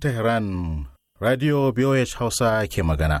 Tehran, Radio BOH Hausa ke magana.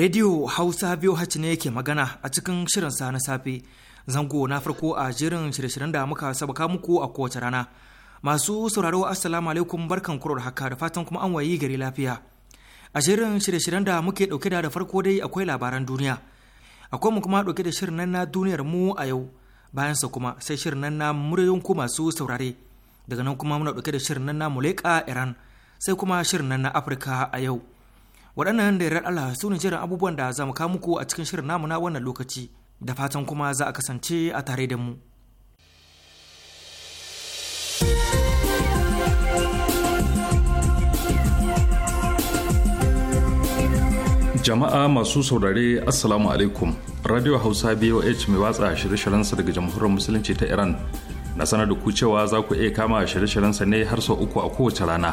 Radio Hausa VOH ne ke magana a cikin shirin sa na safe. Zango na farko a jerin shirye-shiryen da muka sabaka muku a kowace rana. Masu sauraro Assalamu alaikum barkan da haka da fatan kuma an wayi gari lafiya. A jerin shirye-shiryen da muke dauke da da farko dai akwai labaran duniya. Akwai mu kuma dauke da shirin nan na duniyar mu a yau. Bayan sa kuma sai shirin nan na muryoyin ku masu saurare. Daga nan kuma muna dauke da shirin nan na Muleka Iran. Sai kuma shirin nan na Afirka a yau. waɗannan da yarar Allah su ne jiran abubuwan da za mu kawo muku a cikin shirin namu na wannan lokaci da fatan kuma za a kasance a tare da mu jama'a masu saurare assalamu alaikum radio hausa boh mai watsa shirye sa daga jamhuriyar musulunci ta iran na sanar da ku cewa za ku iya kama shirye sa ne har sau uku a kowace rana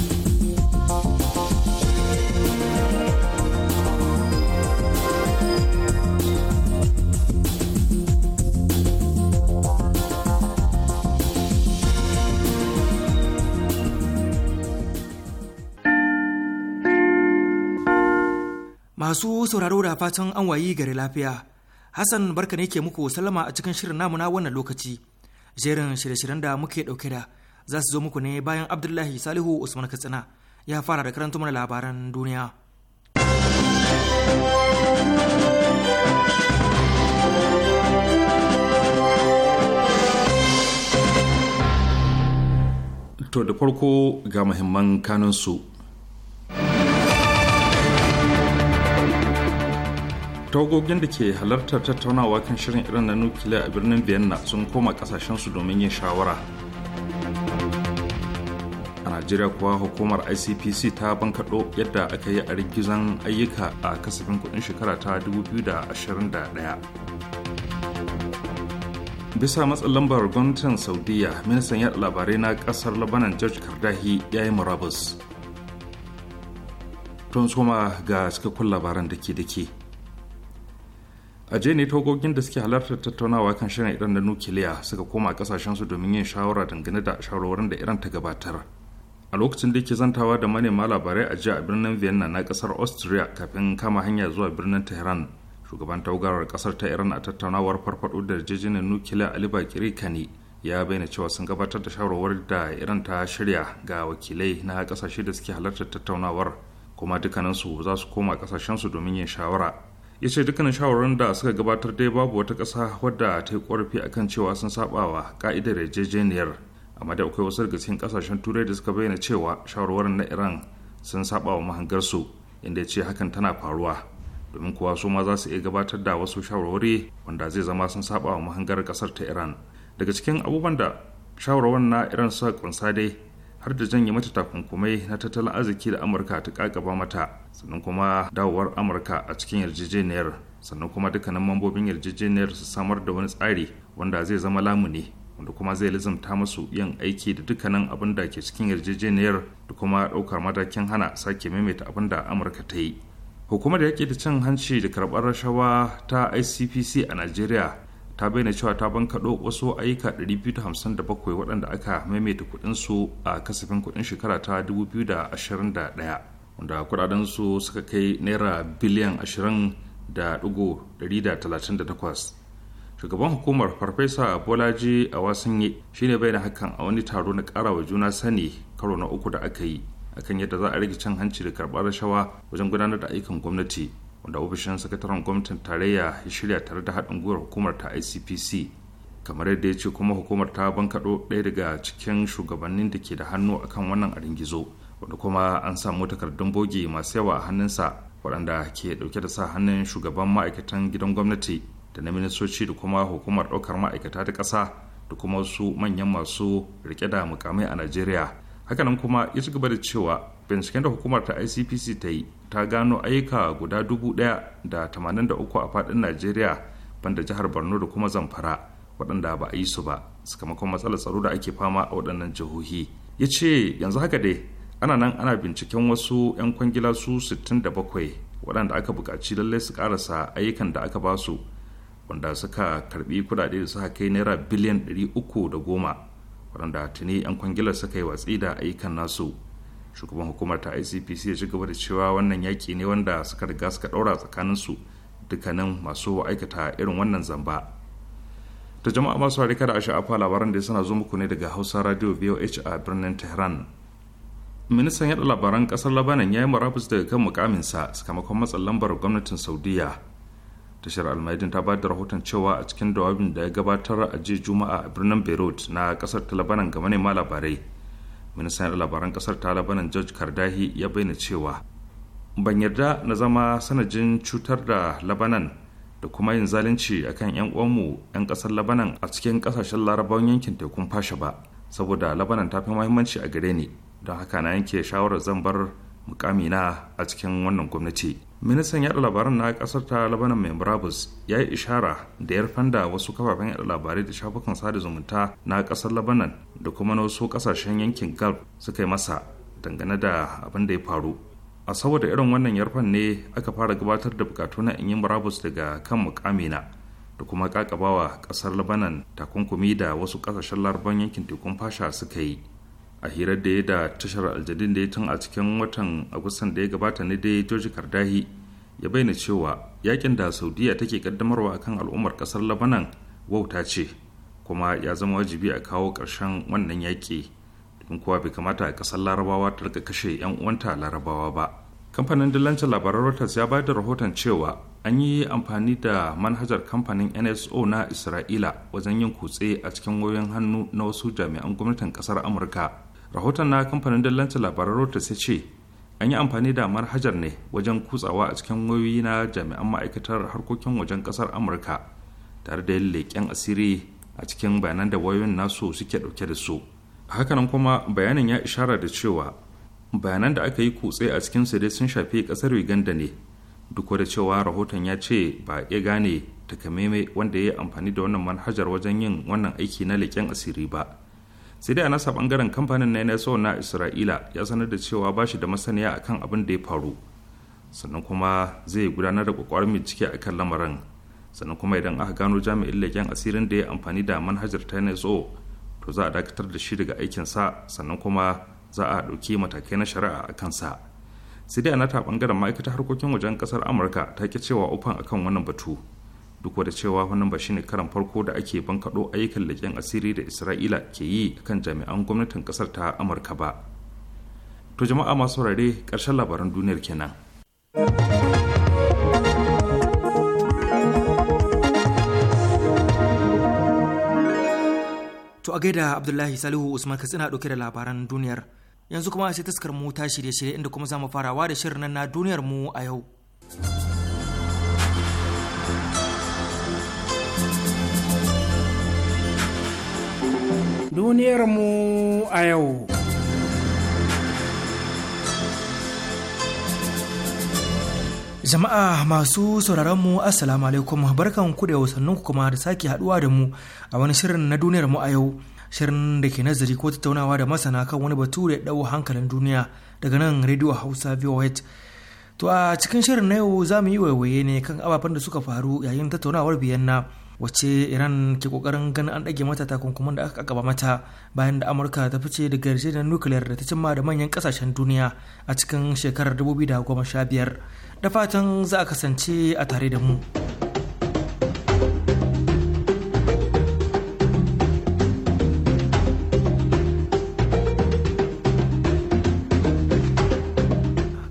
Masu sauraro da fatan an wayi gari lafiya. Hassan barka ne ke muku sallama a cikin shirin namuna wannan lokaci. Jerin shirye-shiryen da muke ɗauke da za su zo muku ne bayan Abdullahi Salihu Usman Katsina ya fara da karanta mana labaran duniya. To da farko ga muhimman kanunsu tagogin da ke halartar tattaunawa kan shirin irin na nukiliya a birnin vienna sun koma su domin yin shawara a najeriya kuwa hukumar icpc ta bankaɗo yadda aka yi a rigizan ayyuka a kasafin kudin shekara ta 2021 bisa matsin lambar gwamnatin saudiya ministan yaɗa labarai na kasar labanan george kardahi ya yi murabus tun soma ga cikakkun labaran da ke da ke a je ne togogin da suke halartar tattaunawa kan shirin iran na nukiliya suka koma kasashen su domin yin shawara dangane da shawarwarin da iran ta gabatar a lokacin da ke zantawa da manema labarai a jiya a birnin vienna na kasar austria kafin kama hanya zuwa birnin tehran shugaban taugarar kasar ta iran a tattaunawar farfado da yarjejeniyar nukiliya ali bakiri kani ya bayyana cewa sun gabatar da shawarwar da iran ta shirya ga wakilai na kasashe da suke halartar tattaunawar kuma dukkaninsu za su koma kasashen su domin yin shawara ya ce dukkanin shawarwarin da suka gabatar dai babu wata ƙasa wadda ta yi ƙorafi a kan cewa sun sabawa ka'idar yarjejeniyar amma da akwai wasu daga cikin ƙasashen turai da suka bayyana cewa shawarwarin na iran sun saba wa mahangarsu inda ya ce hakan tana faruwa domin kuwa su ma za su iya gabatar da wasu shawarwari wanda zai zama sun saba wa mahangar ƙasar ta iran daga cikin abubuwan da shawarwar na iran suka kunsa dai har da janye mata takunkumai na tattalin arziki da amurka ta kakaba mata sannan kuma dawowar amurka a cikin yarjejeniyar sannan kuma dukkanin mambobin yarjejeniyar su samar da wani tsari wanda zai zama lamuni wanda kuma zai lizamta masu yin aiki da dukkanin abin da ke cikin yarjejeniyar da kuma ɗaukar matakin hana sake maimaita abin da amurka ta yi hukumar yake da cin hanci da karɓar rashawa ta icpc a najeriya ta bayyana cewa ta bankaɗo wasu ayyuka 257 waɗanda aka maimaita kuɗin su a kasafin kuɗin shekara ta 2021 wanda kuɗaɗen su suka kai naira biliyan 20.138 shugaban hukumar farfesa bolaji a wasanye shine bai da hakan a wani taro na ƙara wa juna sani karo na uku da aka yi akan yadda za a rage cin hanci da karɓar rashawa wajen gudanar da ayyukan gwamnati wanda ofishin sakataren gwamnatin tarayya ya shirya tare da haɗin gwiwar hukumar ta icpc kamar yadda ya ce kuma hukumar ta bankaɗo ɗaya daga cikin shugabannin da ke da hannu akan wannan arin gizo wanda kuma an samu takardun bogi masu yawa a hannunsa waɗanda ke ɗauke da sa hannun shugaban ma'aikatan gidan gwamnati da na ministoci da kuma hukumar ɗaukar ma'aikata ta ƙasa da kuma wasu manyan masu riƙe da mukamai a najeriya hakanan kuma ya ci gaba da cewa binciken da hukumar ta icpc ta yi ta gano ayyuka guda dubu ɗaya da tamanin da uku a faɗin najeriya banda jihar borno da kuma zamfara waɗanda ba a yi su ba sakamakon matsalar tsaro da ake fama a waɗannan jihohi ya ce yanzu haka dai ana nan ana binciken wasu 'yan kwangila su 67 waɗanda aka buƙaci lallai su ƙarasa ayyukan da aka ba su wanda suka karbi kudade da suka kai naira biliyan 310 waɗanda tuni 'yan kwangilar suka yi watsi da ayyukan nasu shugaban hukumar ta icpc ya ci gaba da cewa wannan yaki ne wanda suka riga suka tsakanin su dukkanin masu aikata irin wannan zamba ta jama'a masu harika da afa labaran da suna zo muku ne daga hausa radio voh a birnin tehran ministan yaɗa labaran kasar labanan ya yi murabus daga kan mukaminsa sakamakon matsan lambar gwamnatin saudiya tashar almaidin ta ba da rahoton cewa a cikin jawabin da ya gabatar a jiya juma'a a birnin beirut na kasar ta labanan ga manema labarai ministan labaran kasar ta labanan george kardahi ya bayyana cewa ban yarda na zama sanajin cutar da labanan da kuma yin zalunci akan 'yan uwanmu 'yan kasar labanan a cikin kasashen larabawan yankin tekun fasha ba saboda labanan ta fi muhimmanci a gare ni don haka na yanke shawarar zan bar mukamina a cikin wannan gwamnati ministan yada labaran na kasar ta labanan mai murabus ya yi ishara da ya da wasu kafafen yada labarai da shafukan sada zumunta na kasar labanan da kuma na wasu kasashen yankin gulf suka yi masa dangane da abin da ya faru a saboda irin wannan yarfan ne aka fara gabatar da bukatu na in yi brabus daga kan mukamina da kuma kakabawa kasar labanan takunkumi da wasu kasashen laraban yankin tekun fasha suka yi a hirar da ya da tashar aljadin da ya tun a cikin watan agustan da ya gabata ne dai george kardahi ya bayyana cewa yakin da saudiya take kaddamarwa akan al'ummar kasar labanan wauta ce kuma ya zama wajibi a kawo ƙarshen wannan yaƙi domin kuwa bai kamata a ƙasar larabawa ta rika kashe 'yan uwanta larabawa ba kamfanin dillancin labaran reuters ya bayar da rahoton cewa an yi amfani da manhajar kamfanin nso na isra'ila wajen yin kutse a cikin wayoyin hannu na wasu jami'an gwamnatin kasar amurka rahoton na kamfanin dallancin labaran reuters ya ce an yi amfani da manhajar ne wajen kutsawa a cikin wayoyi na jami'an ma'aikatar harkokin wajen kasar amurka tare da yin leƙen asiri a cikin bayanan da wayoyin nasu suke ɗauke da su hakanan kuma bayanin ya ishara da cewa bayanan da aka yi kutse a cikin su dai sun shafi kasar uganda ne duk da cewa rahoton ya ce ba ya gane takamaimai wanda ya yi amfani da wannan manhajar wajen yin wannan aiki na leƙen asiri ba sai dai a nasa bangaren kamfanin na nso na isra'ila ya sanar da cewa ba shi da masaniya akan abin da ya faru sannan kuma zai gudanar da kwakwarin bincike kan lamarin sannan kuma idan aka gano jami'in leken asirin da ya amfani da manhajar ta nso to za a dakatar da shi daga aikinsa sannan kuma za a ɗauki matakai na shari'a a kansa sai dai a nata bangaren ma'aikatar harkokin wajen kasar amurka ta ki cewa ofan akan wannan batu duk da cewa wannan ba shine karan farko da ake bankaɗo ayyukan leƙen asiri da isra'ila ke yi kan jami'an gwamnatin ƙasar ta amurka ba to jama'a masu saurare ƙarshen labaran duniyar kenan to a gaida abdullahi salihu usman katsina dauke da labaran duniyar yanzu kuma sai taskar mu ta shirye-shirye inda kuma za mu farawa da shirin na duniyar mu a yau Duniyarmu a yau. Jama'a masu sauraron mu Assalamu alaikum barkan ku da wasannin ku kuma da sake haduwa da mu a wani shirin na duniyar mu a yau shirin da ke nazari ko tattaunawa da masana kan wani batu da ɗau hankalin duniya daga nan rediyo Hausa VOH To a cikin shirin na yau za mu yi waiwaye ne kan ababen da suka faru yayin tattaunawar na. wacce iran ke kokarin ganin an ɗage mata takunkuman da aka gaba mata bayan da amurka ta fice daga yarjejeniyar nukiliyar da ta cimma da manyan kasashen duniya a cikin shekarar 2015 da fatan za a kasance a tare da mu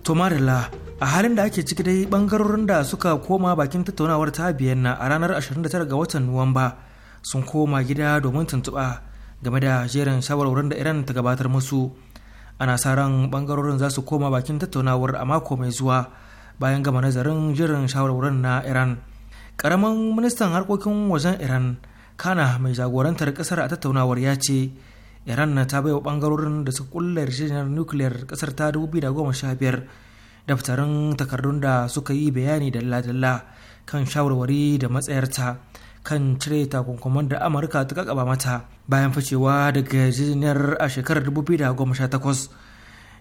to a halin da ake ciki dai bangarorin da suka koma bakin tattaunawar ta na a ranar 29 ga watan nuwamba sun koma gida domin tuntuɓa game da jerin shawarwarin da iran ta gabatar musu ana sa ran bangarorin za su koma bakin tattaunawar a mako mai zuwa bayan gama nazarin jerin shawarwarin na iran karamin ministan harkokin wajen iran kana mai jagorantar kasar a tattaunawar ya ce iran ta baiwa bangarorin da suka kulla yarjejeniyar nukiliyar kasar ta 2015 daftarin takardun da suka yi bayani dalla-dalla kan shawarwari da matsayarta kan cire takunkuman da amurka ta kakaba mata bayan ficewa daga yarjejeniyar a shekarar 2018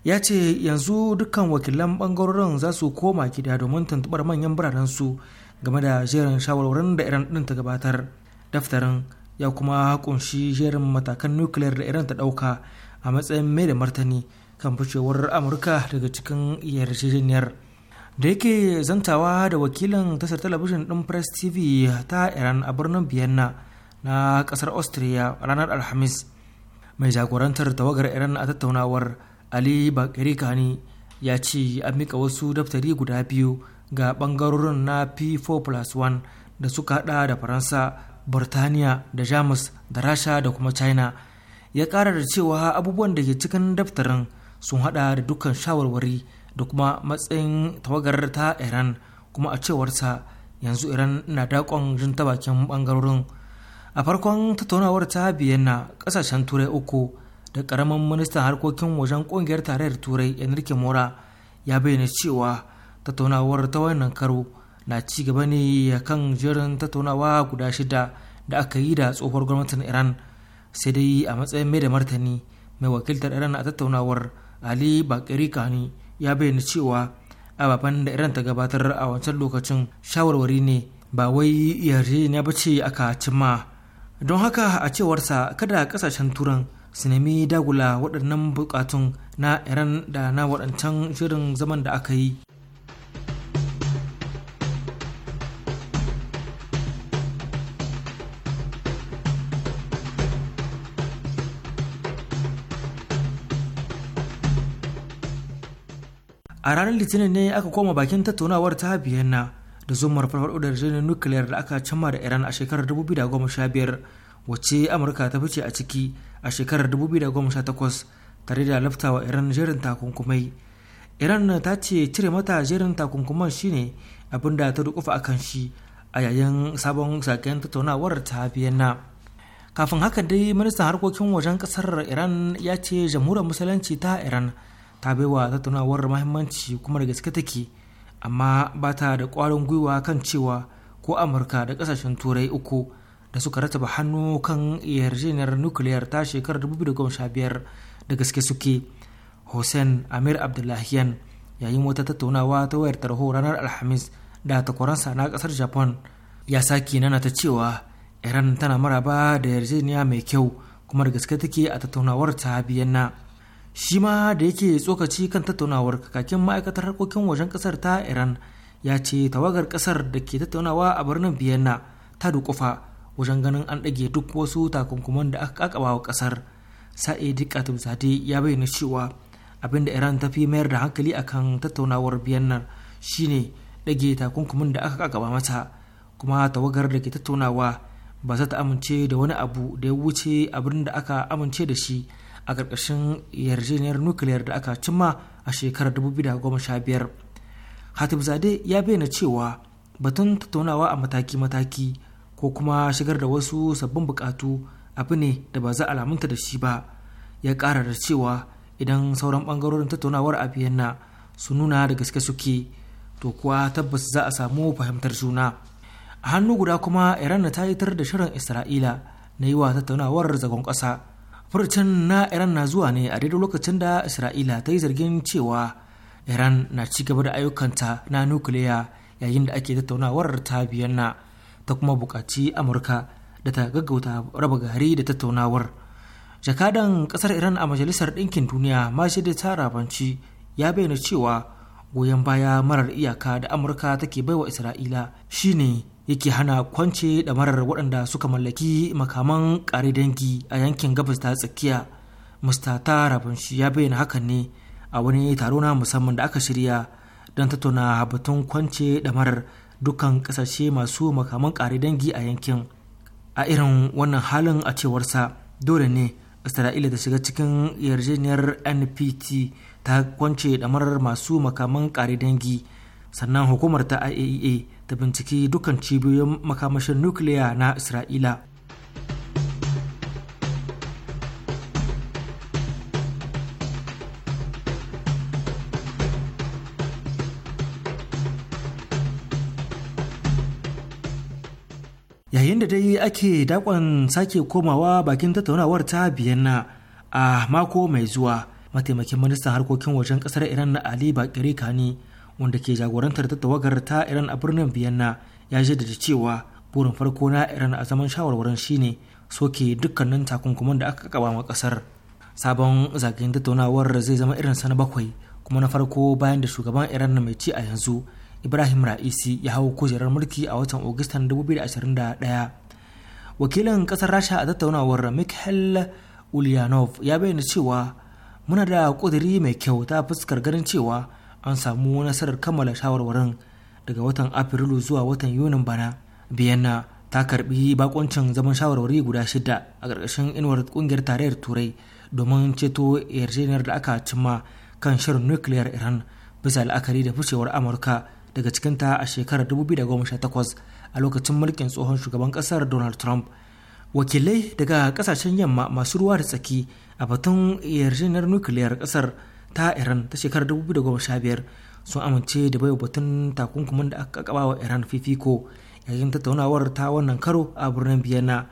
ya ce yanzu dukkan wakilan bangarorin za su koma gida domin tuntubar manyan biranensu game da jerin shawarwarin da iran din ta gabatar daftarin ya kuma kunshi jerin matakan nukiliyar da iran ta ɗauka a matsayin mai da martani kan ficewar amurka daga cikin yarjejeniyar da yake zantawa da wakilin tasar talabijin ɗin press tv ta iran a birnin vienna na ƙasar austria ranar alhamis mai jagorantar tawagar iran a tattaunawar ali bakari kani ya ce an mika wasu daftari guda biyu ga ɓangarorin na p4 plus 1 da suka hada da faransa burtaniya da jamus da rasha da kuma china ya ƙara da cewa abubuwan da ke cikin daftarin sun hada da dukkan shawarwari da kuma matsayin tawagar ta iran kuma a cewarsa yanzu iran na dakon jin ta bakin bangarorin a farkon tattaunawar ta biyanna kasashen turai uku da karamin ministan harkokin wajen kungiyar tarayyar turai enrique mora ya bayyana cewa tattaunawar ta wannan karo na ci gaba ne kan jerin tattaunawa guda shida da aka yi da tsohuwar gwamnatin iran sai dai a matsayin mai da martani mai wakiltar iran a tattaunawar ali bakari kani ya bayyana cewa ababen da iran ta gabatar a wancan lokacin shawarwari ne ba wai yarjejeniya ba ce aka cimma don haka a cewarsa kada kasashen turan su nemi dagula waɗannan bukatun na iran da na waɗancan shirin zaman da aka yi a ranar litinin ne aka koma bakin tattaunawar ta biyanna da zumar farfaɗo da yarjejeniyar nukiliyar da aka cimma da iran a shekarar 2015 wacce amurka ta fice a ciki a shekarar 2018 tare da laftawa iran jerin takunkumai iran ta ce cire mata jerin takunkuman shine abin da ta rukufa akan shi a yayin sabon saken tattaunawar ta biyanna kafin haka dai ministan harkokin wajen kasar iran ya ce jamhuriyar musulunci ta iran ta baiwa tattaunawar mahimmanci kuma da gaske take amma ba ta da kwarin gwiwa kan cewa ko amurka da ƙasashen turai uku da suka rataba hannu kan yarjejeniyar nukiliyar ta shekarar 2015 da gaske suke hussein amir abdullahiyan yayin wata tattaunawa ta wayar tarho ranar alhamis da takwaransa na kasar japan ya sake nana ta cewa iran tana maraba da yarjejeniya mai kyau kuma da gaske take a tattaunawar ta na shi ma da yake tsokaci kan tattaunawar kakakin ma'aikatar harkokin wajen kasar ta iran ya ce tawagar kasar da ke tattaunawa a birnin vienna ta dukufa wajen ganin an ɗage duk wasu takunkuman da aka kakaba wa kasar sa'idi katib zade ya bayyana cewa abin da iran ta fi mayar da hankali akan tattaunawar vienna shine ɗage takunkumin da aka kakaba mata kuma tawagar da ke tattaunawa ba za ta amince da wani abu da ya wuce abin da aka amince da shi a ƙarƙashin yarjejeniyar nukiliyar da aka cimma a shekarar 2015 hatib zade ya bayyana cewa batun tattaunawa a mataki-mataki ko kuma shigar da wasu sabbin buƙatu abu ne da ba za a lamunta da shi ba ya ƙara da cewa idan sauran ɓangarorin tattaunawar a vienna su nuna da gaske suke to kuwa tabbas za a samu fahimtar juna a hannu guda kuma iran ta tar da shirin isra'ila na yi wa tattaunawar zagon ƙasa furucin na iran na zuwa ne a daidai lokacin da isra'ila ta yi zargin cewa iran na ci gaba da ayyukanta na nukiliya yayin da ake tattaunawar ta biyanna ta kuma bukaci amurka da ta gaggauta raba gari da tattaunawar jakadan kasar iran a majalisar ɗinkin duniya mashi da tarabanci ya bayyana cewa goyon baya marar iyaka da amurka take baiwa isra'ila shine yake hana kwance ɗamarar waɗanda suka mallaki makaman ƙare dangi a yankin gabas ta tsakiya mustata rabanshi ya bayyana hakan ne a wani taro na musamman da aka shirya don tattauna batun kwance ɗamarar dukkan ƙasashe masu makaman ƙare dangi a yankin a irin wannan halin a cewarsa dole ne isra'ila da shiga cikin yarjejeniyar npt ta kwance ɗamarar masu makaman ƙare dangi sannan hukumar ta iaea e ta binciki dukkan cibiyoyin makamashin nukiliya na isra'ila yayin da dai ake dakon sake komawa bakin tattaunawar ta biyanna a mako mai zuwa mataimakin ministan harkokin wajen kasar iran na ali bakiri kani wanda ke jagorantar tattawagar ta iran a birnin vienna ya jaddada cewa burin farko na iran a zaman shawarwarin shine soke dukkanin takunkuman da aka kaba ma kasar sabon zagayen tattaunawar zai zama irin sana bakwai kuma na farko bayan da shugaban iran mai ci a yanzu ibrahim ra'isi ya hau kujerar mulki a watan agustan 2021 wakilin kasar rasha a tattaunawar mikhail ulyanov ya bayyana cewa muna da ƙudiri mai kyau ta fuskar ganin cewa an samu nasarar kammala shawarwarin daga watan afrilu zuwa watan yunin bana biyanna ta karbi bakoncin zaman shawarwari guda shida a ƙarƙashin inuwar ƙungiyar tarayyar turai domin ceto yarjejeniyar da aka cimma kan shirin nukiliyar iran bisa la'akari da ficewar amurka daga cikinta a shekarar 2018 a lokacin mulkin tsohon shugaban ƙasar donald trump wakilai daga kasashen yamma masu ruwa da tsaki a batun yarjejeniyar nukiliyar ƙasar. ta iran ta shekarar 2015 sun amince da baiwa batun takunkumin da aka kaba wa iran fifiko yayin tattaunawar ta wannan karo a birnin biyanna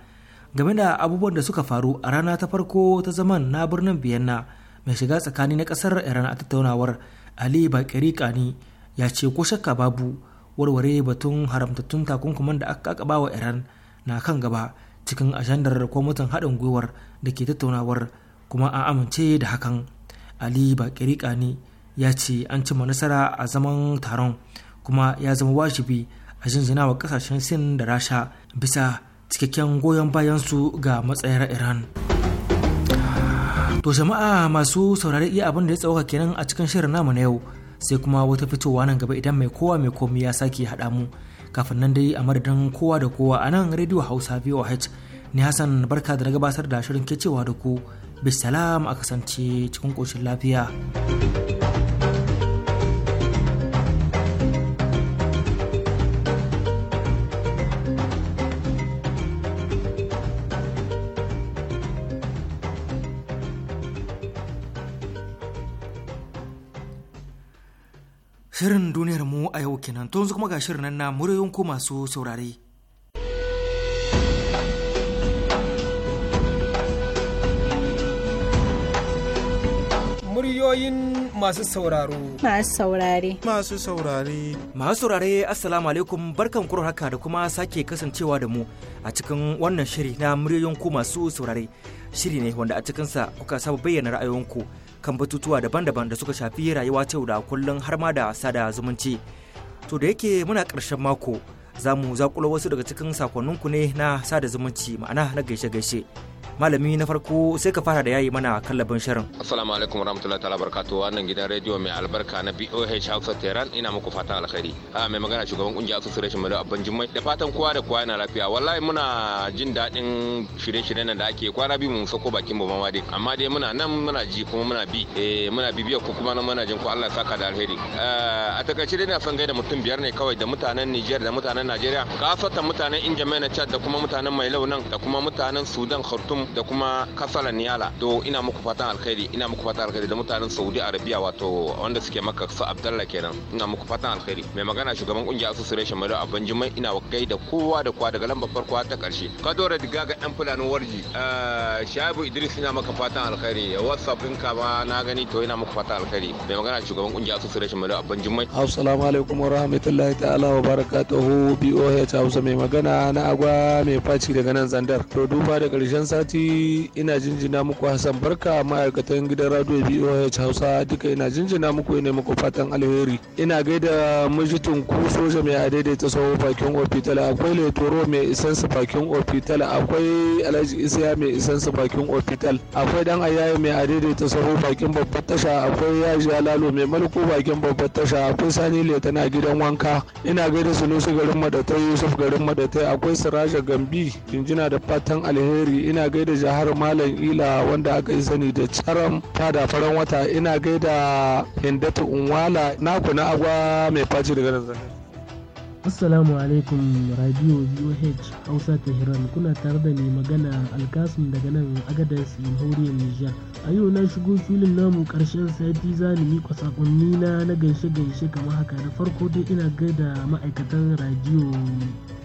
game da abubuwan da suka faru a rana ta farko ta zaman na birnin biyanna mai shiga tsakani na kasar iran a tattaunawar ali bakari kani ya ce ko shakka babu warware batun haramtattun takunkuman da aka kaba wa iran na kan gaba cikin ajandar kwamitin haɗin gwiwar da ke tattaunawar kuma a amince da hakan ali bakiri ne ya ce an cimma nasara a zaman taron kuma ya zama wajibi a jinjina kasashen sin da rasha bisa cikakken goyon bayansu ga matsayar iran to jama'a masu saurari iya abin da ya tsawaka kenan a cikin shirin namu na yau sai kuma wata fitowa nan gaba idan mai kowa mai komi ya sake haɗa mu kafin nan dai a madadin kowa da kowa a nan rediyo hausa voh ne hassan barka da na gabatar da shirin ke cewa da ku bisalam a kasance cikin ƙoshin lafiya Shirin duniyar mu a yau kenan to yanzu kuma ga shirin nan na muryoyin ko masu saurare. Ra'ayoyin masu sauraro. Masu saurare. Masu saurare. Masu saurare Assalamu alaikum barkan kuro haka da kuma sake kasancewa da mu a cikin wannan shiri na muryoyin ku masu saurare. Shiri ne wanda a cikinsa kuka saba bayyana ra'ayoyinku kan batutuwa daban-daban da suka shafi rayuwa ta da kullum har ma da sada zumunci. To da yake muna karshen mako za mu zakulo wasu daga cikin sakonninku ne na sada zumunci ma'ana na gaishe-gaishe. malami na farko sai ka fara da yayi mana kallabin shirin assalamu alaikum warahmatullahi ta'ala barkatu wannan gidan radio mai albarka na BOH Hausa Tehran ina muku fatan alkhairi a ah, mai magana shugaban kungiyar association da Abban Jummai da fatan kowa da kowa yana lafiya wallahi muna jin daɗin shirye-shiryen nan da ake kwana biyu mun sako bakin mu ma dai amma dai muna nan muna ji kuma muna bi eh muna bibiyar ku kuma muna jin ku Allah saka da alheri ah, a takaice dai na san gaida mutum biyar ne kawai da mutanen Niger da mutanen Najeriya kasatan mutanen Injamena Chad da kuma mutanen Mailau nan da kuma mutanen Sudan Khartoum da kuma kasala niyala to ina muku fatan alkhairi ina muku fatan alkhairi da mutanen saudi arabia wato wanda suke maka su abdalla kenan ina muku fatan alkhairi mai magana shugaban kungiyar association mai abban jimai ina wakai da kowa da kowa daga lambar farko ta karshe kadora diga ga yan fulanin warji eh, shabu idris ina maka fatan alkhairi whatsapp ɗinka ba na gani to ina muku fatan alkhairi mai magana shugaban kungiyar association mai abban jimai assalamu alaikum wa rahmatullahi ta'ala wa barakatuhu boh hausa mai magana na agwa mai faci daga nan zandar to duba da karshen sati Sisi ina jinjina muku Hassan Barka ma'aikatan gidan radio BOH Hausa duka ina jinjina muku ina muku fatan alheri. Ina gaida mijitin ku soja mai adaidaita sauro bakin ofital akwai letoro mai su bakin ofital akwai alhaji isiya mai su bakin ofital akwai dan ayaye mai adaidaita sauro bakin babbar tasha akwai yaji lalo mai malko bakin babbar tasha akwai sani letana gidan wanka ina gaida sunusu garin madatai yusuf garin madatai akwai siraja gambi jinjina da fatan alheri ina gaida da jihar malam ila wanda aka yi sani da caram ta da faran wata ina gaida hindatu unwala naku na agwa mai faci daga nan Assalamu alaikum Radio VOH Hausa Tehran kuna tare da ne magana alkasun daga nan agadas Jamhuriyar Nijar. A yau na shigo filin namu karshen sati za ni miƙa sakonni na na gaishe gaishe kamar haka na farko dai ina gaida ma'aikatan Radio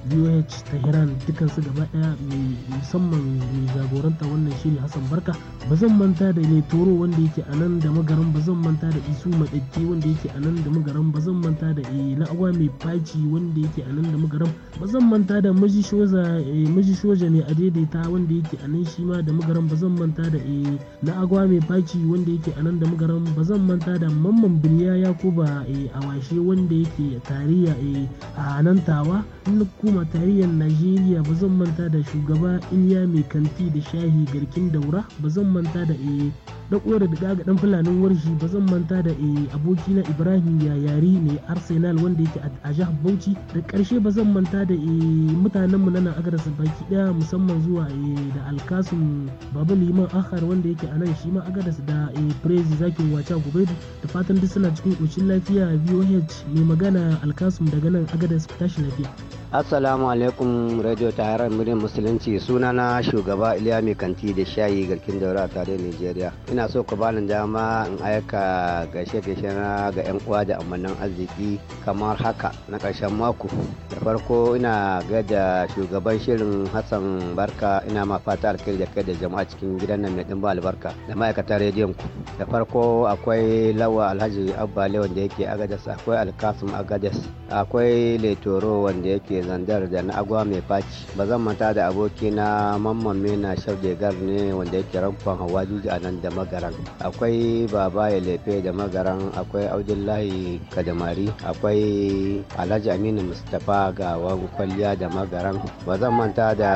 voh tehran su gaba daya mai musamman mai jagoranta wannan shine hassan barka ba zan manta da Toro wanda yake a nan da magaran ba zan manta da isu madakke wanda yake a nan da magaran ba zan manta da na agwa mai faci wanda yake a nan da magaran ba zan manta da maji shoja ne a daidaita wanda yake a nan shi ma da magaran ba zan manta da na agwa mai faci wanda yake a nan da magaran ba zan manta da mamman biniya yakuba eh, a washe wanda yake tariya eh, a nan tawa koma tarayyar najeriya ba zan manta da shugaba iliya mai kanti da shahi garkin daura ba zan manta da eh da kore da gaga dan fulanin warshi ba zan manta da eh, aboki na ibrahim yari mai arsenal wanda yake a jihar bauchi da karshe ba zan manta da eh mutanenmu na nan agarsa baki daya musamman zuwa eh da alkasum babu liman akhar wanda yake a nan shi ma da eh prezi zakin wacha gobe da fatan duk suna cikin koshin lafiya voh mai magana alkasum daga nan agadas tashi lafiya assalamu alaikum radio tayarar murin musulunci sunana shugaba iliya mai kanti da shayi garkin daura tare nigeria ina so ku bani dama in aika gaishe gaishe na ga yan uwa da amannan arziki kamar haka na karshen mako da farko ina gaida shugaban shirin hassan barka ina ma fata alkhairi da kai da jama'a cikin gidan nan mai dimba albarka da ma'aikatan rediyon ku da farko akwai lawa alhaji abba lewan da yake agadas akwai alkasum agadas akwai letoro wanda yake zandar da na agwa mai faci ba zan manta da aboki na mamman mena shaudegar ne wanda yake rankon hawa juji a nan da magaran akwai baba ya lefe da magaran akwai abdullahi kadamari akwai alhaji aminu mustapha ga gawan kwalliya da magaran ba zan manta da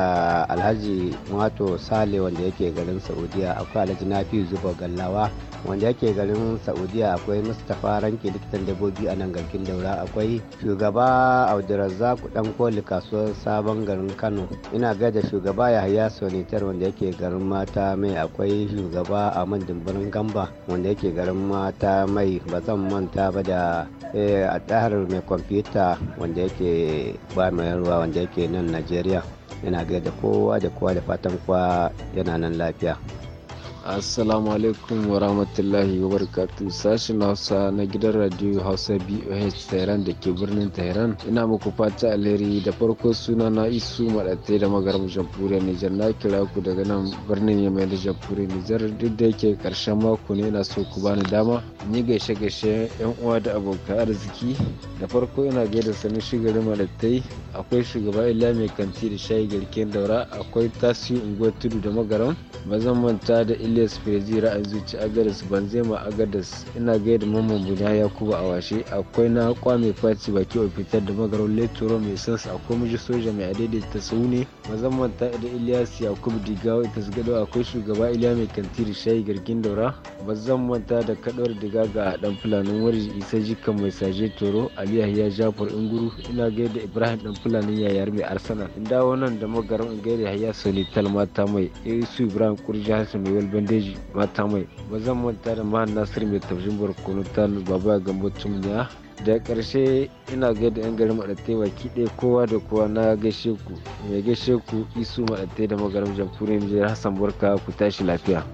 alhaji wato sale wanda yake garin saudiya akwai alhaji nafi zuba gallawa wanda yake garin saudiya akwai mustapha ranke likitan dabbobi a nan garkin daura akwai shugaba abdulrazak dan koli kasuwar sabon garin kano ina gaida shugaba yahaya sonitar wanda yake garin mata mai akwai shugaba a man dimbirin gamba wanda yake garin mata mai ba zan manta ba da eh, a tsahar mai kwamfuta wanda yake ba mai ruwa wanda yake nan najeriya yana gaida kowa da kowa da fatan kowa yana nan lafiya assalamu alaikum wa rahmatullahi wa barakatu sashen hausa na gidan radio hausa boh tehran da ke birnin tehran ina muku fata alheri da farko suna na isu maɗatai da magaran jamhuriyar nijar na kira ku daga nan birnin yamai da jamhuriyar nijar duk da yake karshen mako ne na so ku bani dama ni gaishe gaishe yan uwa da abokan arziki da farko ina gaida sanin shigarin maɗatai akwai shugaba ila mai kanti da shayi garken daura akwai tasiri unguwar tudu da magaram bazan manta da ila Julius Firji ra'ayin zuci Agadas Banzema Agadas ina gaida mamman Buda Yakubu a washe akwai na kwame faci baki fitar da magarar Leturo mai sans akwai miji soja mai adaidaita sune mazamman ta da Ilyas Yakubu Digawa ita gado akwai shugaba Iliya mai kantiri shayi gargin daura bazan manta da kadawar diga ga dan fulanin warji Isa Jikan mai saje Toro Ali Yahya Jafar Inguru ina gaida Ibrahim dan fulanin yayar mai Arsenal inda wannan da magarar in gaida Yahya Solital mata mai Isu Ibrahim Kurji Hassan mai Welben bandeji mata mai ba zan manta da mahan nasir mai taushin barkono ta baba ga mutum tumniya da karshe ina gaida 'yan garin maɗatai baki ɗaya kowa da kowa na gaishe ku mai gaishe ku isu maɗatai da magaram jamhuriyar nijar hassan barka ku tashi lafiya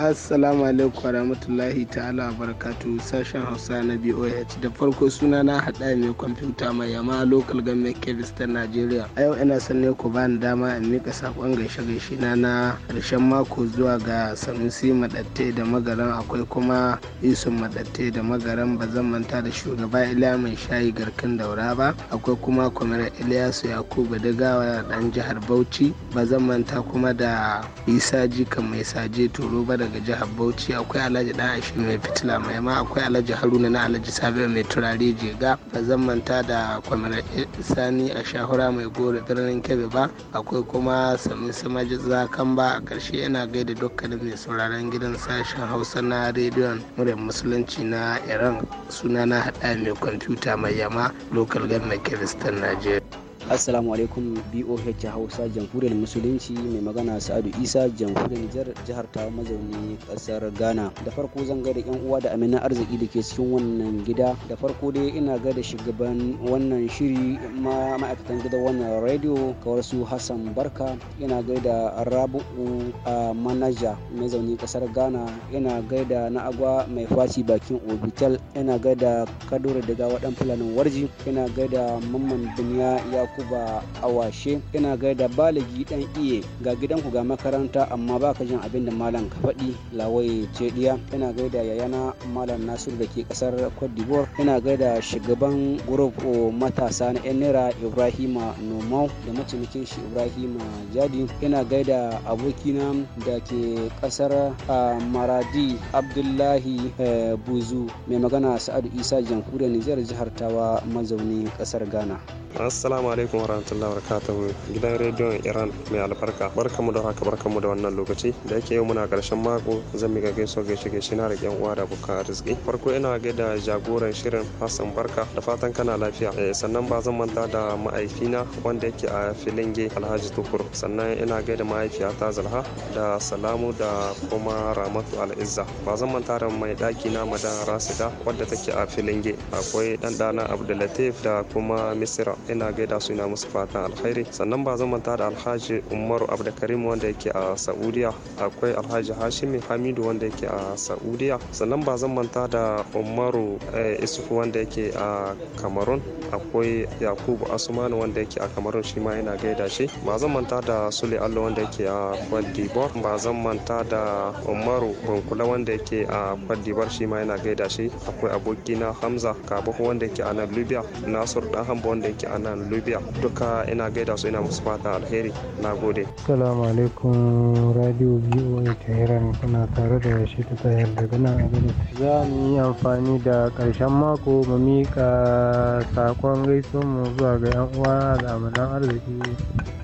assalamu alaikum warahmatullahi ta'ala barakatu sashen hausa na boh da farko suna na hada mai kwamfuta mai yama local government kebis ta nigeria a yau ina son ne ku ba ni dama in mika sakon gaishe gaishe na na karshen mako zuwa ga sanusi madatte da magaran akwai kuma yusuf madatte da magaran ba zan manta da shugaba iliya mai shayi garkin daura ba akwai kuma kwamar iliyasu yakubu gawa dan jihar bauchi ba zan manta kuma da isa jika mai saje turo ba da daga jihar bauchi akwai alhaji dan ashi mai fitila mai ma akwai alhaji haruna na alhaji sabiu mai turare jega ba zan manta da kwamar sani a shahura mai goro birnin kebe ba akwai kuma sami samaji zakan ba a karshe yana gaida dukkanin mai sauraron gidan sashen hausa na rediyon muryar musulunci na iran suna na haɗa mai kwamfuta mai yama local government kebistan najeriya assalamu alaikum boh hausa jamhuriyar musulunci mai magana sa'adu isa jamhuriyar jihar ta mazauni kasar ghana da farko zan ga da ƴan uwa da amina arziki da ke cikin wannan gida da farko dai ina gaida shugaban wannan shiri ma ma'aikatan gida wannan radio kawar su hassan barka ina gaida rabu'u a manaja mai zaune kasar ghana ina gaida na agwa mai faci bakin obital ina gaida kadura daga waɗan fulanin warji ina gaida mamman duniya ya yakuba awashe ina gaida baligi dan iye ga gidan ku ga makaranta amma baka jin abin da malam ka faɗi lawaye ce diya ina gaida yayana malam nasiru da ke kasar cote d'ivoire ina gaida shugaban group matasa na yan naira ibrahima nomau da mataimakin shi ibrahima jadi ina gaida abokina da ke kasar maradi abdullahi e, buzu mai magana sa'adu isa jamhuriyar nijar jihar tawa mazaunin kasar ghana assalamu alaikum warahmatullahi wabarakatuh gidan rediyon Iran mai albarka barka mu da haka barka mu da wannan lokaci da yake yau muna karshen mako zan miƙa gaiso gaishe gaishe na da yan uwa da abokan arziki farko ina da jagoran shirin Hassan Barka da fatan kana lafiya eh, sannan ba zan manta da ma'aikina wanda yake a Filinge Alhaji Tukur sannan ina gaida mahaifiyata Zalha da Salamu da kuma Ramatu Al'izza ba zan manta da mai ɗaki na madan Rasida wadda take a Filinge akwai ɗan ɗana Abdullatif da kuma Misira ina gaida su suna musu fatan alkhairi sannan ba zan manta da alhaji umaru abdulkarim wanda yake a saudiya akwai alhaji hashimi hamidu wanda yake a saudiya sannan ba zan manta da umaru eh, isufu wanda yake a kamarun akwai yakubu asumanu wanda yake a kamarun shi ma yana gaida shi ba zan manta da sule allo wanda yake a kwaldibor ba zan manta da umaru bankula wanda yake a kwaldibor shi ma yana gaida shi akwai abokina hamza kabahu wanda yake a nan libya nasur dan hamba wanda yake a nan libya duka ina gaida su ina musu fata alheri na gode salamu alaikum radio voa tehran kuna tare da shi ta tsayar daga nan a gani za mu yi amfani da ƙarshen mako mu mika sakon gaisuwa mu zuwa ga yan uwa da amalan arziki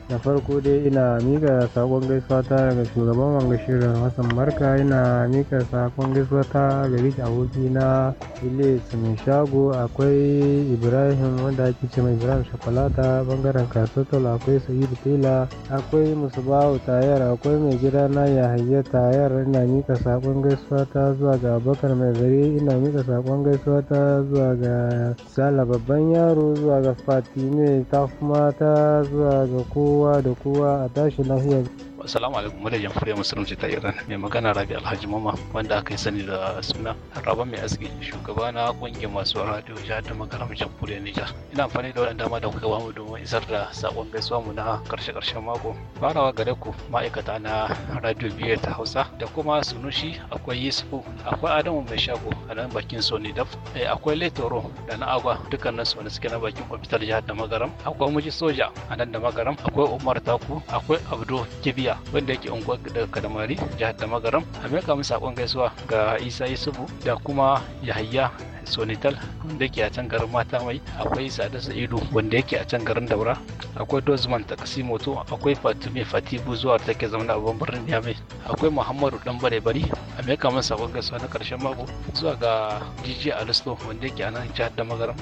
da farko dai ina mika sakon gaisuwa ta daga shugaban wanga shirin hassan marka ina mika sakon gaisuwa ta gari aboki na ile mai shago akwai ibrahim wanda ake ce mai ibrahim shakwalata bangaren kasotol akwai sa'idu tela akwai musu bawo tayar akwai mai gida na yahaya tayar ina mika sakon gaisuwa ta zuwa ga abokan mai zare ina mika sakon gaisuwa ta zuwa ga sala babban yaro zuwa ga fatime ta kuma ta zuwa ga ko kowa da kowa a tashi lafiya Assalamu alaikum mu da jamhuriyar musulunci ta Iran mai magana Rabi Alhaji Mama wanda aka yi sani da suna Raba mai aski shugaba na kungiyar masu radio jihar da magaram jamhuriyar Nijar. Ina amfani da waɗanda dama da kuka mu domin isar da sakon gaisuwa mu na karshe karshen mako. Farawa gare ku ma'aikata na radio biyar ta Hausa da kuma Sunushi akwai Yusufu akwai Adamu mai shago a nan bakin Sony Daf eh, akwai Letoro da na Agwa dukkanin su wanda suke na bakin kwamfutar jihar da magaram akwai Muji Soja a nan da magaram akwai Umar Taku akwai Abdu Kibiya wanda yake unguwar daga Kadamari jihar Damagaram a mai kamun saƙon gaisuwa ga Isa Yusufu da kuma Yahaya sonital wanda yake a can garin mata mai akwai sada ido wanda yake a can garin daura akwai dozman Moto, akwai fatume fatibu zuwa ke zama a birnin yamai akwai muhammadu dan bare bari a mai kamar sabon gaso na karshen mako zuwa ga jiji alisto wanda yake a nan jihar da magaram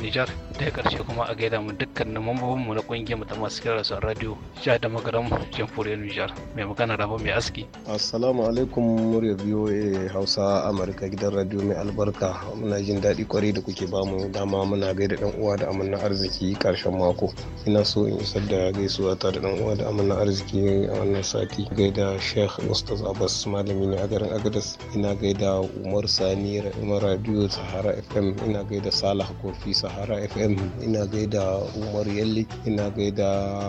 nijar da karshe kuma a gaida mu dukkanin mambobinmu na kungiyar mu ta masu kira da son radio jihar da magaram nijar mai magana rabo mai aski assalamu alaikum muryar voa hausa amurka gidan radio mai albarka muna jin daɗi kwarai da kuke ba mu dama muna gaida ɗan uwa da amanna arziki karshen mako ina so in isar da gaisuwa ta da dan uwa da amanna arziki a wannan sati gaida sheikh ustaz abbas malami ne a garin agadas ina gaida umar sani radio sahara fm ina gaida salah kofi sahara fm ina gaida umar yalli ina gaida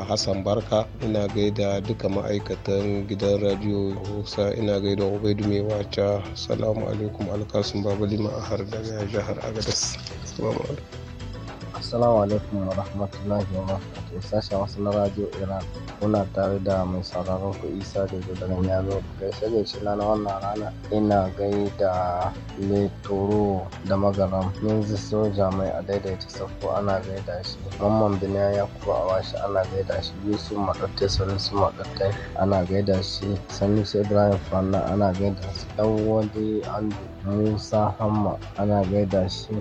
hassan barka ina gaida duka ma'aikatan gidan radio hausa ina gaida ubaidu mai wata salamu alaikum alkasun babalima a har daga a jihar agadas Assalamu alaikum wa rahmatullahi wa barakatuh. Sashen wasu na Iran kuna tare da mai sauraron ku Isa da Gudanar Yaro. Gaishe gaishe na na wannan rana ina gai da Letoro da Magaram. Yanzu soja mai daidaita sako ana gaida shi. Mamman Biniya ya kuma a washi ana gaida shi. Yusuf Maɗattai Salisu Maɗattai ana gaida shi. Sanusi Ibrahim Fanna ana gai shi. Ɗan Andu Musa Hamma ana gaida shi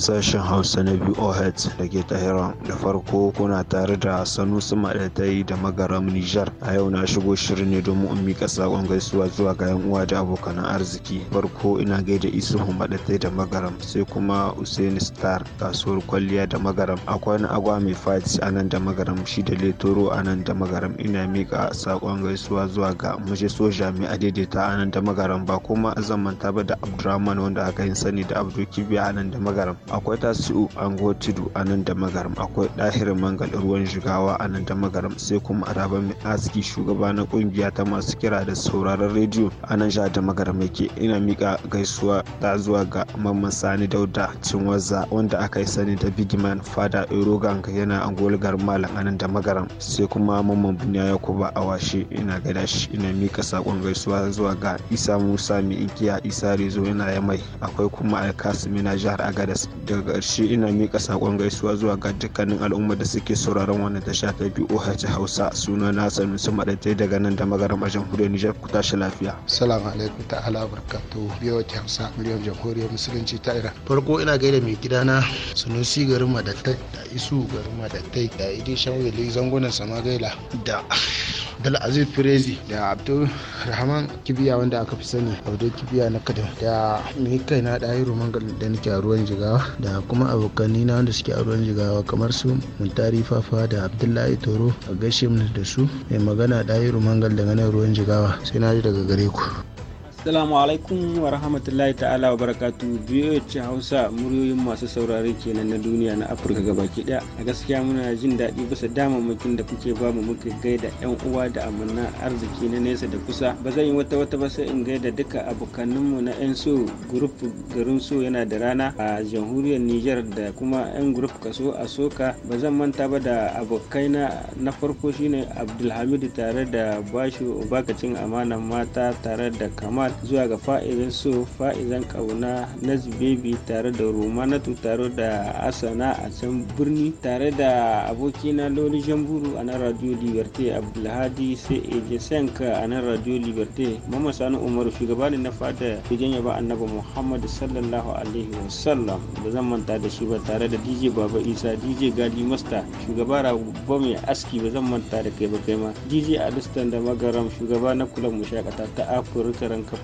sashen hausa na BOH da ke Tehran. Da farko kuna tare da Sanusi Maɗatai da magaram Nijar. A yau na shigo shirin ne domin in miƙa saƙon gaisuwa zuwa ga 'yan uwa da abokan arziki. Farko ina gaida Isuhu Maɗatai da magaram sai kuma Usaini Star kasuwar kwalliya da magaram. Akwai na agwa mai fati a nan da magaram shi da Letoro a nan da magaram. Ina miƙa saƙon gaisuwa zuwa ga mace soja mai adaidaita a nan da magaram ba kuma zamanta ba da Abdurrahman wanda aka yi sani da Abdul Kibiya a nan da magaram. akwai tasiu anguwar tudu a nan da magaram akwai ɗahir mangal ruwan jigawa a nan da magaram sai kuma araba mai aski shugaba na kungiya ta masu kira da sauraron rediyo a nan jihar da magaram yake ina mika gaisuwa ta zuwa ga mamman sani dauda cinwaza wanda aka yi sani da bigman fada erogang yana garin malam a nan da magaram sai kuma mamman buniya yakuba a washe ina gada shi ina mika sakon gaisuwa zuwa ga isa musa mai inkiya isa rezo yana yamai akwai kuma alkasimi na jihar agadas daga ƙarshe ina miƙa saƙon gaisuwa zuwa ga dukkanin al'umma da suke sauraron wannan tasha ta BOH Hausa suna na sami su maɗaitai daga nan da magaram a jamhuriyar Nijar ku tashi lafiya. Salamu alaikum biyu barkatu BOH Hausa miliyan jamhuriyar musulunci ta Iran. Farko ina gaida mai gidana Sunusi garin Madattai da Isu garin Madattai da Idi Shawili Sama, gaila da Dalaziz Firezi da Abdul Rahman Kibiya wanda aka fi sani Abdul Kibiya na Kadam da kai kaina ɗayi roman da nake a ruwan jigawa da kuma abokanni na wanda suke a ruwan jigawa kamar su muntari fafa da abdullahi toro a gaishe da su mai magana ɗayiru mangal daga nan ruwan jigawa sai na ji daga gare ku Assalamu alaikum wa rahmatullahi ta'ala wa barakatu biyo ce Hausa muryoyin masu saurari kenan na duniya na Afirka gabaki daya. A gaskiya muna jin daɗi bisa damammakin da kuke ba mu muka gaida yan uwa da amana arziki na nesa da kusa. Ba zan yi wata wata ba sai in gaida duka abokanninmu na yan so grup garin so yana da rana a jamhuriyar niger da kuma yan grup kaso a soka. Ba zan manta ba da abokaina na farko shine Abdulhamid tare da Basho Obakacin amana mata tare da Kamal zuwa ga fa'izan so fa'izan kauna na zubebi tare da romanatu tare da asana a can birni tare da abokina lori jamburu a nan radio liberté abdulhadi sai eje sanka a nan radio liberté mama sani umaru shugaba ne na fada fijin yaba annabi muhammad sallallahu alaihi wasallam ba zan manta da shi ba tare da dj baba isa dj gadi masta shugaba rababba mai aski ba zan manta da kai ba kai ma dj alistan da magaram shugaba na kula shakata ta afirka ranka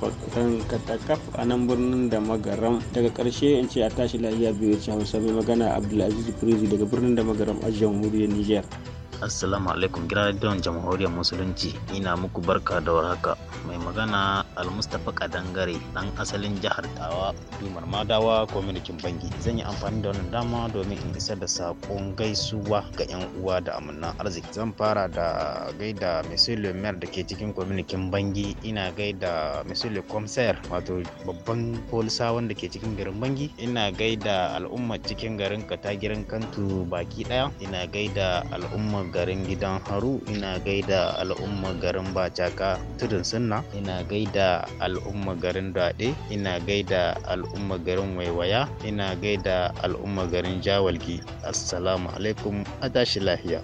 katakaf a nan birnin da magaram daga karshe in ce a tashi lafiya biyu ce hausa mai magana abdulaziz prezi daga birnin da magaram a jamhuriyar niger assalamu alaikum gidan jamhuriyar musulunci ina muku barka da warhaka mai magana almustapha kadangare dan asalin jihar tawa limar madawa kwamitin bangi zan yi amfani da wannan dama domin in isar da sakon gaisuwa ga yan uwa da amina arziki zan fara da gaida monsieur mayar da ke cikin kwamitin bangi ina gaida monsieur komsayar wato babban polisa wanda ke cikin garin bangi ina gaida al'ummar cikin garin katagirin kantu baki daya ina gaida al'ummar garin gidan haru ina gaida al'umma garin bacaka tudun sunna ina gaida al'umma garin daɗe ina gaida al'umma garin waiwaya ina gaida al'umma garin jawalgi assalamu alaikum a tashi lahiya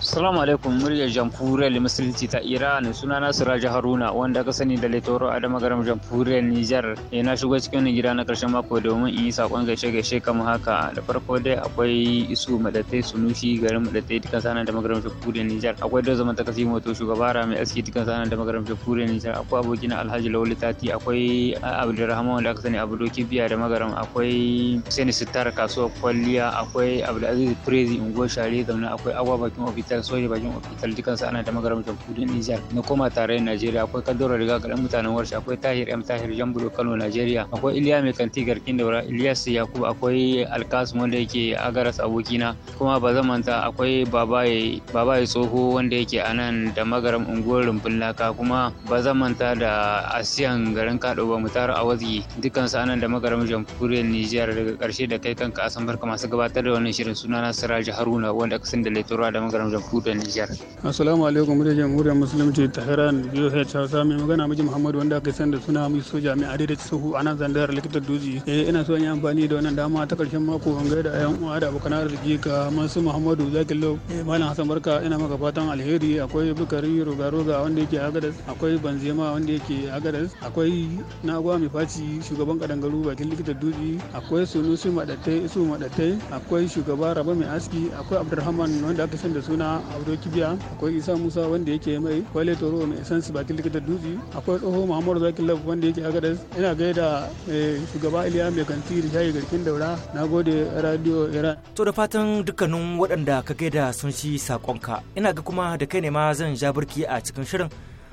Salamu alaikum muryar jamhuriyar musulunci ta Iran suna na Siraja Haruna wanda aka sani da Letoro Adama Garam jamhuriyar Nijar eh na shigo cikin gida na karshen mako domin in yi sakon gaishe gaishe kamar haka da farko dai akwai isu madatai sunushi garin madatai dukan sanan da magaram jamhuriyar Nijar akwai da zaman takasi moto shugaba Rami Aski dukan sanan da magaram jamhuriyar Nijar akwai abokina Alhaji Lawli Tati akwai Abdulrahman wanda aka sani Abdoki Biya da magaram akwai Sani Sitar kasuwar kwalliya akwai Abdulaziz Prezi Ungo Share zamna akwai Agwa bakin ofis hospital soja bajin hospital dukansu ana da magaramtar kudin nijar na koma da najeriya akwai kadura riga ga dan mutanen warshe akwai tahir m tahir jambulo kano najeriya akwai iliya mai kanti garkin daura ilyas yakubu akwai alkasum wanda yake agaras abokina kuma ba zan manta akwai babaye babaye tsoho wanda yake a nan da magaram unguwar rumbun laka kuma ba zan manta da asiyan garin kad'o ba mutar a wazi dukansu a da magaram jamhuriyar nijar daga karshe da kai kanka asan barka masu gabatar da wannan shirin sunana siraji haruna wanda aka san da laitura da magaram da Nijar. Assalamu alaikum da jamhuriyar musulunci ta Iran biyu ya hausa mai magana miji Muhammadu wanda aka san da suna mai soja mai da suhu a nan zandar likitar doji. Eh ina so in yi amfani da wannan dama ta karshen mako ban gaida ayan uwa da abokan arziki ga masu Muhammadu Zakin Lau. Eh, Malam Hassan Barka ina maka fatan alheri akwai Bukari Roga Roga wanda yake Agadas akwai Banzema wanda yake Agadas akwai Nagwa mai faci shugaban kadangaru bakin likitar doji akwai Sunusi Madatai Isu Madatai akwai shugaba Raba mai aski akwai Abdulrahman wanda aka san da suna na Kibiya akwai Isa Musa wanda yake mai Kwale Toro mai su bakin likita Dutse akwai tsoho Muhammad Zaki Lab wanda yake yana ina gaida eh, shugaba Iliya mai kanti shayi Garkin Daura na gode Radio Iran. To da fatan dukkanin waɗanda ka gaida sun shi sakonka ina ga kuma da kai ne ma zan ja birki a cikin shirin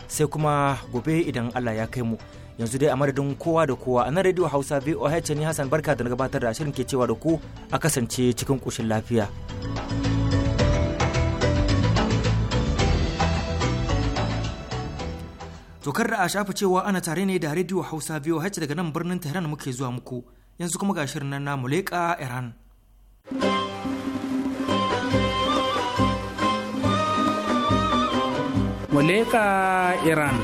sai kuma gobe idan Allah ya kai mu. yanzu dai a madadin kowa da kowa a nan radio hausa voh ne hassan barka da na gabatar da shirin ke cewa da ku a kasance cikin ƙoshin lafiya. kar da a shafa cewa ana tare ne da radio hausa biyu daga nan birnin tehran muke zuwa muku yanzu kuma ga shirin na muleka iran muleka iran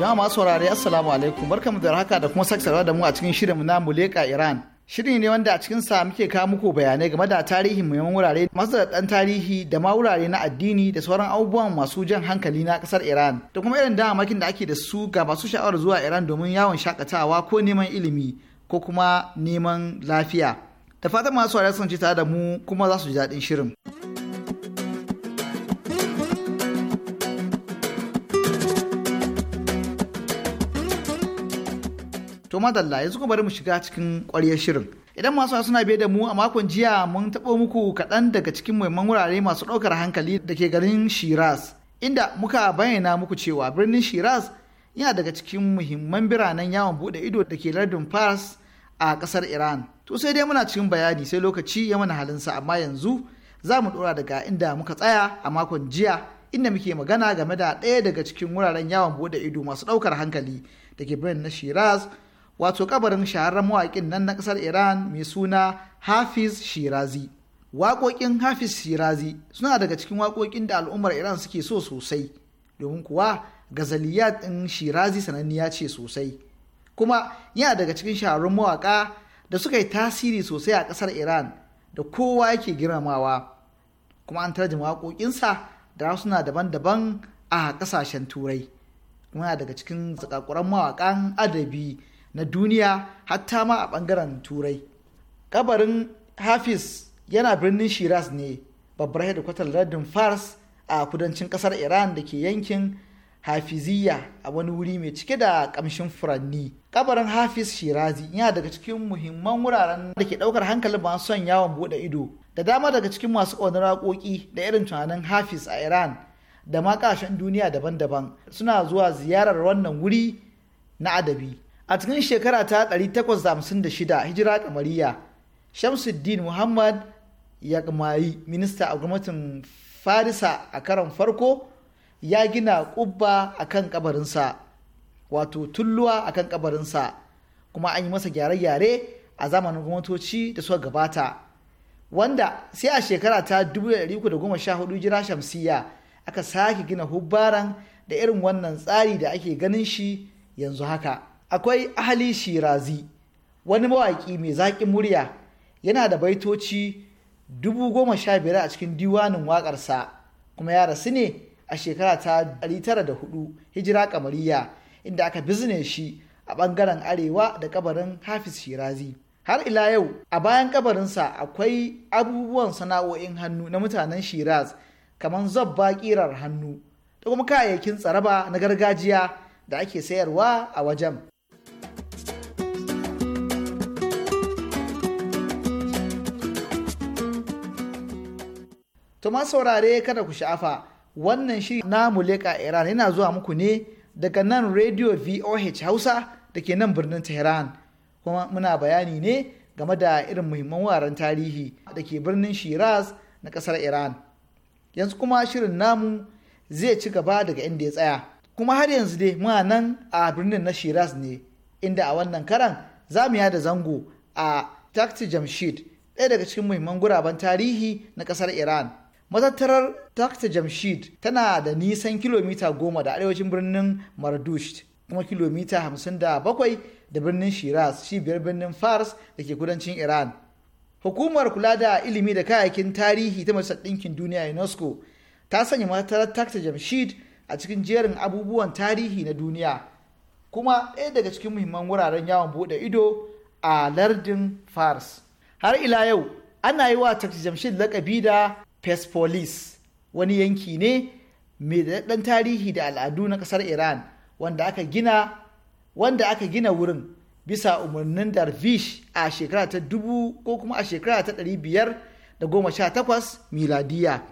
jama'a saurari assalamu alaikum barkamu da haka da kuma saksarwa da mu a cikin shirin na muleka iran Shiri ne wanda a cikin sa muke kawo muku bayanai game da tarihin muhimman wurare masu da tarihi da ma wurare na addini da sauran abubuwan masu jan hankali na kasar Iran da kuma irin damakin da ake da su ga masu sha'awar zuwa Iran domin yawon shakatawa ko neman ilimi ko kuma neman lafiya. Da fatan masu wurare sun ci tare da mu kuma za su ji daɗin shirin. To madalla yanzu kuma bari mu shiga cikin ƙwaryar shirin. Idan masu suna biye da mu a makon jiya mun taɓo muku kaɗan daga cikin muhimman wurare masu ɗaukar hankali da ke garin Shiraz. Inda muka bayyana muku cewa birnin Shiraz yana daga cikin muhimman biranen yawon buɗe ido da ke lardin Fars a ƙasar Iran. To sai dai muna cikin bayani sai lokaci ya mana halinsa amma yanzu za mu ɗora daga inda muka tsaya a makon jiya inda muke magana game da ɗaya daga cikin wuraren yawon buɗe ido masu ɗaukar hankali da ke birnin na Shiraz wato kabarin shaharar mawaƙin nan na ƙasar iran mai suna hafiz shirazi waƙoƙin hafiz shirazi suna daga cikin waƙoƙin da al'ummar iran suke so sosai domin kuwa gazaliyat ɗin shirazi sananniya ce sosai kuma yana daga cikin shahararrun mawaƙa da suka yi tasiri sosai a ƙasar iran da kowa yake girmamawa kuma an tarjima waƙoƙinsa da suna daban-daban a ƙasashen turai kuma daga cikin zakakuran mawaƙan adabi na duniya hatta ma a bangaren turai kabarin hafiz yana birnin shiraz ne babbar hedikwatar lardin fars a kudancin ƙasar iran da ke yankin Hafiziyya a wani wuri mai cike da kamshin furanni kabarin hafiz shirazi yana daga cikin muhimman wuraren da ke daukar hankalin masu son yawon bude ido da dama daga cikin masu ƙaunar waƙoƙi da irin tunanin hafiz a iran da ma ƙasashen duniya daban-daban suna zuwa ziyarar wannan wuri na adabi a cikin shekara ta 856 hijira kamariya shamsuddin muhammad ya kamari minista a gwamnatin farisa a karon farko ya gina kubba a kan kabarinsa wato tulluwa a kan kabarinsa kuma an yi masa gyare-gyare a zamanin gwamnatoci da suka gabata wanda sai a shekara ta 1314 jira shamsiya aka sake gina hubbaran da irin wannan tsari da ake ganin shi yanzu haka. akwai ahali shirazi wani mawaƙi mai zaƙin murya yana da baitoci dubu goma sha biyar a cikin diwanin waƙarsa kuma ya rasu ne a shekara ta hudu hijira kamariya inda aka bizne shi a ɓangaren arewa da kabarin hafiz shirazi har ila yau a bayan kabarinsa akwai abubuwan sana'o'in hannu na mutanen shiraz kamar zabba ƙirar hannu da kuma kayayyakin tsaraba na gargajiya da ake sayarwa a wajen To ma saurare kada ku sha'afa wannan shi na muleka Iran yana zuwa muku ne daga nan Radio VOH Hausa da ke nan birnin Tehran. Kuma muna bayani ne game da irin muhimman wuraren tarihi da ke birnin Shiraz na kasar Iran. Yanzu kuma shirin namu zai ci gaba daga inda ya tsaya. Kuma har yanzu dai muna nan a birnin na Shiraz ne inda a wannan karan za mu yada zango a Takti Jamshid ɗaya daga cikin muhimman guraben tarihi na ƙasar Iran. matattarar dr jamshid tana da nisan kilomita goma da arewacin birnin mardush kuma kilomita hamsin da bakwai da birnin shiraz cibiyar birnin fars da ke kudancin iran hukumar kula da ilimi da kayayyakin tarihi ta majalisar ɗinkin duniya unesco ta sanya matattarar dr jamshid a cikin jerin abubuwan tarihi na duniya kuma ɗaya daga cikin muhimman wuraren yawon buɗe ido a lardin fars har ila yau ana yi wa jamshid lakabi da Persepolis wani yanki ne mai daɗaɗɗen tarihi da al'adu na ƙasar Iran wanda aka gina wanda aka gina wurin bisa umarnin Darvish a shekara ta dubu ko kuma a shekara ta ɗari biyar da goma sha takwas miladiya.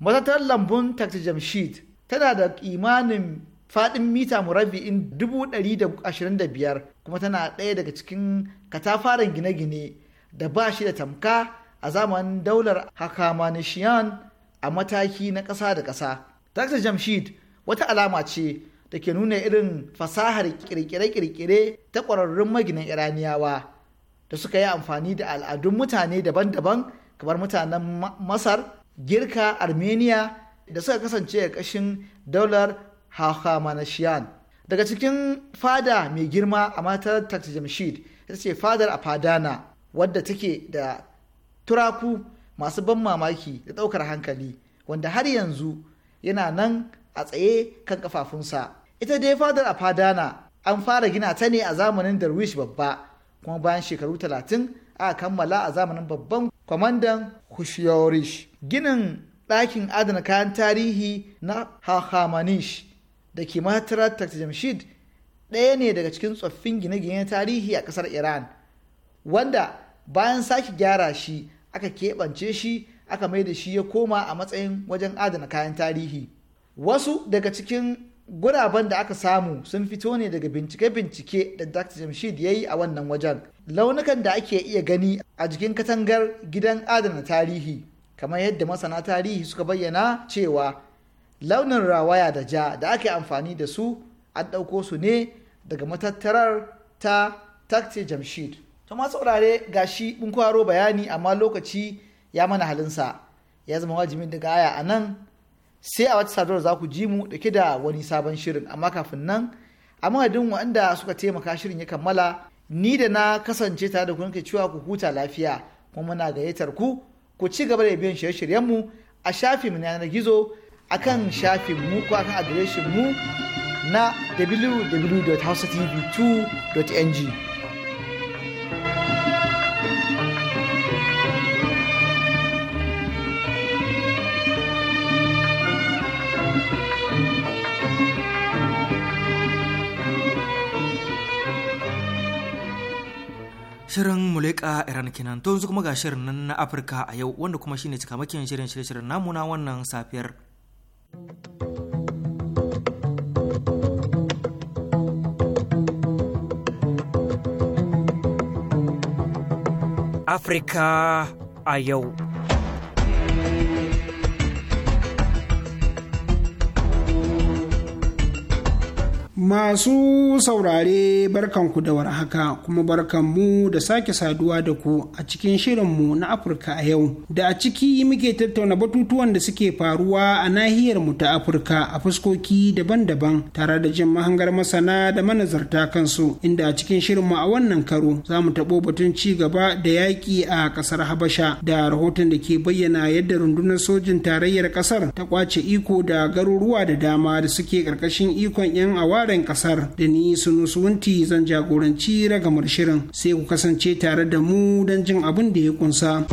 Matatar lambun Takta Jamshid tana da imanin faɗin mita murabbi'in dubu ɗari da ashirin da biyar kuma tana ɗaya daga cikin katafaren gine-gine da ba shi da tamka a zamanin daular Hakamanishiyan a mataki na ƙasa da ƙasa. Dr. Jamshid wata alama ce da ke nuna irin fasahar kirkire-kirkire ta ƙwararrun maginan Iraniyawa da suka yi amfani da al'adun mutane daban-daban kamar mutanen Masar, Girka, Armenia da suka kasance a ƙashin daular Hakamanishiyan. Daga cikin fada mai girma a matar Taksar Jamshid ita ce fadar a fadana wadda take da turaku masu ban mamaki da ɗaukar hankali wanda har yanzu yana nan a tsaye kan kafafunsa ita dai fadar a fadana an fara gina ta ne a zamanin darwish babba kuma bayan shekaru talatin aka kammala a zamanin babban kwamandan hushiyorish ginin ɗakin adana kayan tarihi na hahamanish da ke matarar jamshid ɗaya ne daga cikin tsoffin gine gine tarihi a ƙasar iran wanda bayan sake gyara shi aka keɓance shi aka mai da shi ya koma a matsayin wajen adana kayan tarihi wasu daga cikin guraben da aka samu sun fito ne daga bincike-bincike da dr jamshid ya yi a wannan wajen launukan da ake iya gani a jikin katangar gidan adana tarihi kamar yadda masana tarihi suka bayyana cewa launin rawaya da ja da ake amfani da su an ɗauko su ne daga matattarar ta takti jamshid to ma saurare shi mun kwaro bayani amma lokaci ya mana halinsa ya zama wajibin daga aya a nan sai a wata sadarwa za ku ji mu da da wani sabon shirin amma kafin nan a mahadin wanda suka taimaka shirin ya kammala ni da na kasance tare da kunke cewa ku huta lafiya kuma muna gayyatar ku ku ci gaba da biyan shirye shiryen mu a shafin na yanar gizo akan mu ko akan mu na www.hausatv2.ng Shirin Muleka Iran kenan to yanzu kuma ga shirin nan na Afirka a yau wanda kuma shine cikamakin shirin shirye-shiryen namu na wannan safiyar. Afirka a yau. Masu saurare barkanku da warhaka kuma barkanmu da sake saduwa da ku a cikin shirinmu na Afirka a yau da a ciki muke tattauna batutuwan da suke faruwa a nahiyar mu ta Afirka a fuskoki daban-daban tare da jin mahangar masana da manazarta kansu inda a cikin shirinmu a wannan karo za mu taɓo batun ci gaba da yaƙi a ƙasar Habasha da rahoton da ke bayyana yadda rundunar sojin tarayyar ƙasar ta kwace iko da garuruwa da dama da suke ƙarƙashin ikon 'yan aware karin kasar da ni sunu suwunti zan jagoranci ragamar shirin sai ku kasance tare da mu don jin abin da ya kunsa.